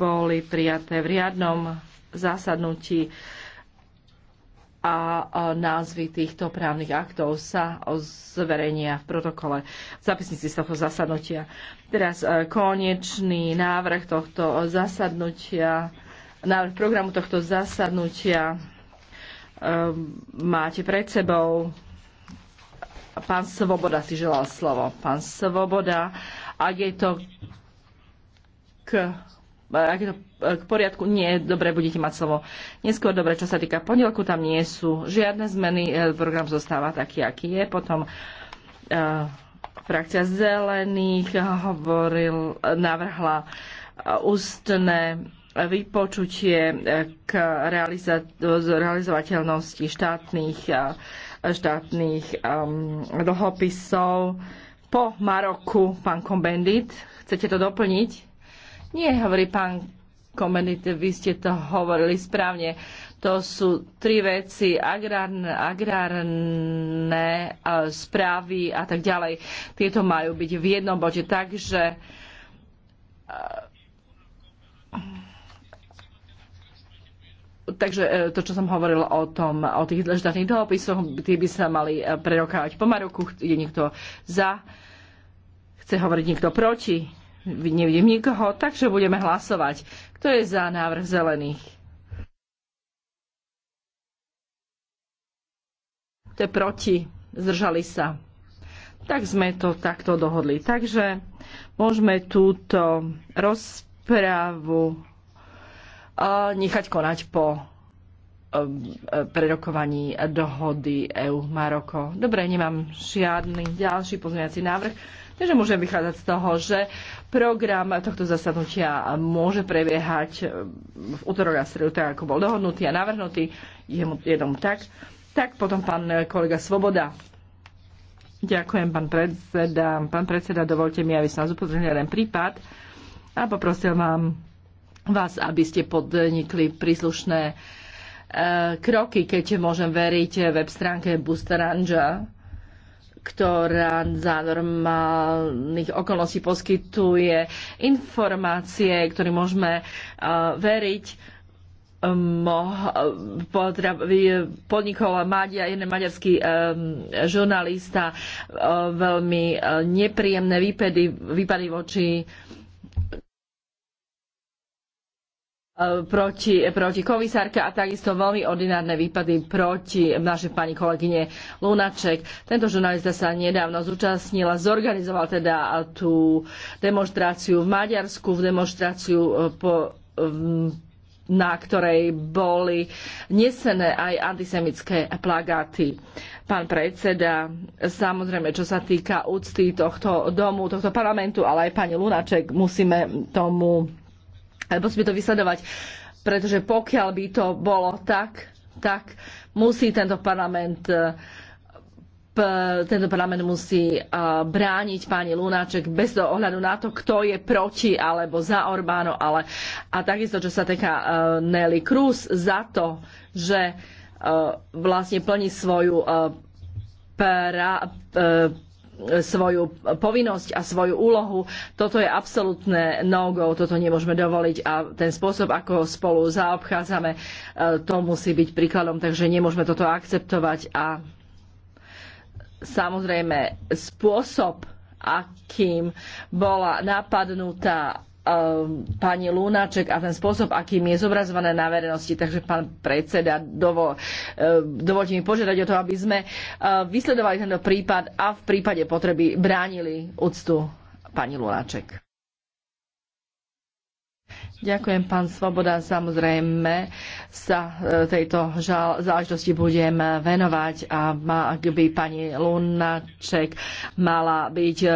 boli prijaté v riadnom zasadnutí a názvy týchto právnych aktov sa zverejnia v protokole v zapisnici z tohto zasadnutia. Teraz e, konečný návrh tohto zasadnutia, návrh programu tohto zasadnutia e, máte pred sebou. Pán Svoboda si želal slovo. Pán Svoboda, ak je to k ak je to eh, k poriadku, nie, dobre, budete mať slovo. Neskôr, dobre, čo sa týka pondelku, tam nie sú žiadne zmeny, eh, program zostáva taký, aký je. Potom eh, frakcia zelených hovoril, navrhla ústne vypočutie k realizovateľnosti štátnych, štátnych um, dlhopisov po Maroku, pán Kombendit. Chcete to doplniť? Nie, hovorí pán Komenite, vy ste to hovorili správne. To sú tri veci, agrárne, agrárne správy a tak ďalej. Tieto majú byť v jednom bode. Takže e, Takže e, to, čo som hovoril o, tom, o tých dlždatných dohopisoch, tie by sa mali e, prerokávať po Maroku. Je niekto za, chce hovoriť niekto proti. Nevidím nikoho, takže budeme hlasovať. Kto je za návrh zelených? Kto je proti? Zdržali sa. Tak sme to takto dohodli. Takže môžeme túto rozprávu nechať konať po um, prerokovaní dohody EU-Maroko. Dobre, nemám žiadny ďalší pozmeňací návrh. Takže môžem vychádzať z toho, že program tohto zasadnutia môže prebiehať e, v útorok a stredu, tak ako bol dohodnutý a navrhnutý. Je, mu, tak. Tak potom pán kolega Svoboda. Ďakujem, pán predseda. Pán predseda, dovolte mi, aby som vás upozornil jeden prípad a poprosil vám vás, aby ste podnikli príslušné e, kroky, keď môžem veriť e, web stránke Busteranja ktorá za normálnych okolností poskytuje informácie, ktorým môžeme e, veriť podnikol Maďa, jeden maďarský e, žurnalista e, veľmi nepríjemné výpady, výpady voči proti, proti komisárke a takisto veľmi ordinárne výpady proti našej pani kolegyne Lunaček. Tento žurnalista sa nedávno zúčastnil a zorganizoval teda tú demonstráciu v Maďarsku, v demonstráciu eh, po, eh, na ktorej boli nesené aj antisemické plagáty. Pán predseda, samozrejme, čo sa týka úcty tohto domu, tohto parlamentu, ale aj pani Lunaček, musíme tomu musíme to vysledovať, pretože pokiaľ by to bolo tak, tak musí tento parlament eh, tento parlament musí eh, brániť pani Lunáček bez toho ohľadu na to, kto je proti alebo za Orbáno. Ale, a takisto, čo sa týka eh, Nelly Cruz, za to, že vlastne plní svoju pra, svoju povinnosť a svoju úlohu. Toto je absolútne no-go, toto nemôžeme dovoliť a ten spôsob, ako spolu zaobchádzame, e, to musí byť príkladom, takže nemôžeme toto akceptovať a samozrejme spôsob, akým bola napadnutá Ehm, pani Lunaček a ten spôsob, akým je zobrazované na verejnosti. Takže pán predseda, dovo, ehm, dovolte mi požiadať o to, aby sme ehm, vysledovali tento prípad a v prípade potreby bránili úctu pani Lunaček. Ďakujem, pán Svoboda. Samozrejme sa e, tejto žal- záležitosti budem e, venovať a má, ak by pani Lunaček mala byť e,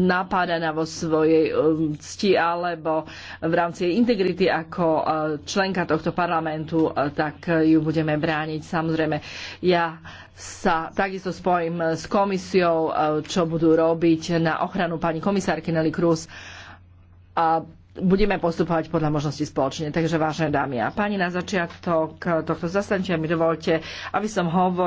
napádaná vo svojej cti alebo v rámci jej integrity ako členka tohto parlamentu, tak ju budeme brániť. Samozrejme, ja sa takisto spojím s komisiou, čo budú robiť na ochranu pani komisárky Nelly Cruz. A budeme postupovať podľa možnosti spoločne. Takže vážené dámy a páni, na začiatok tohto zasadnutia mi dovolte, aby som hovoril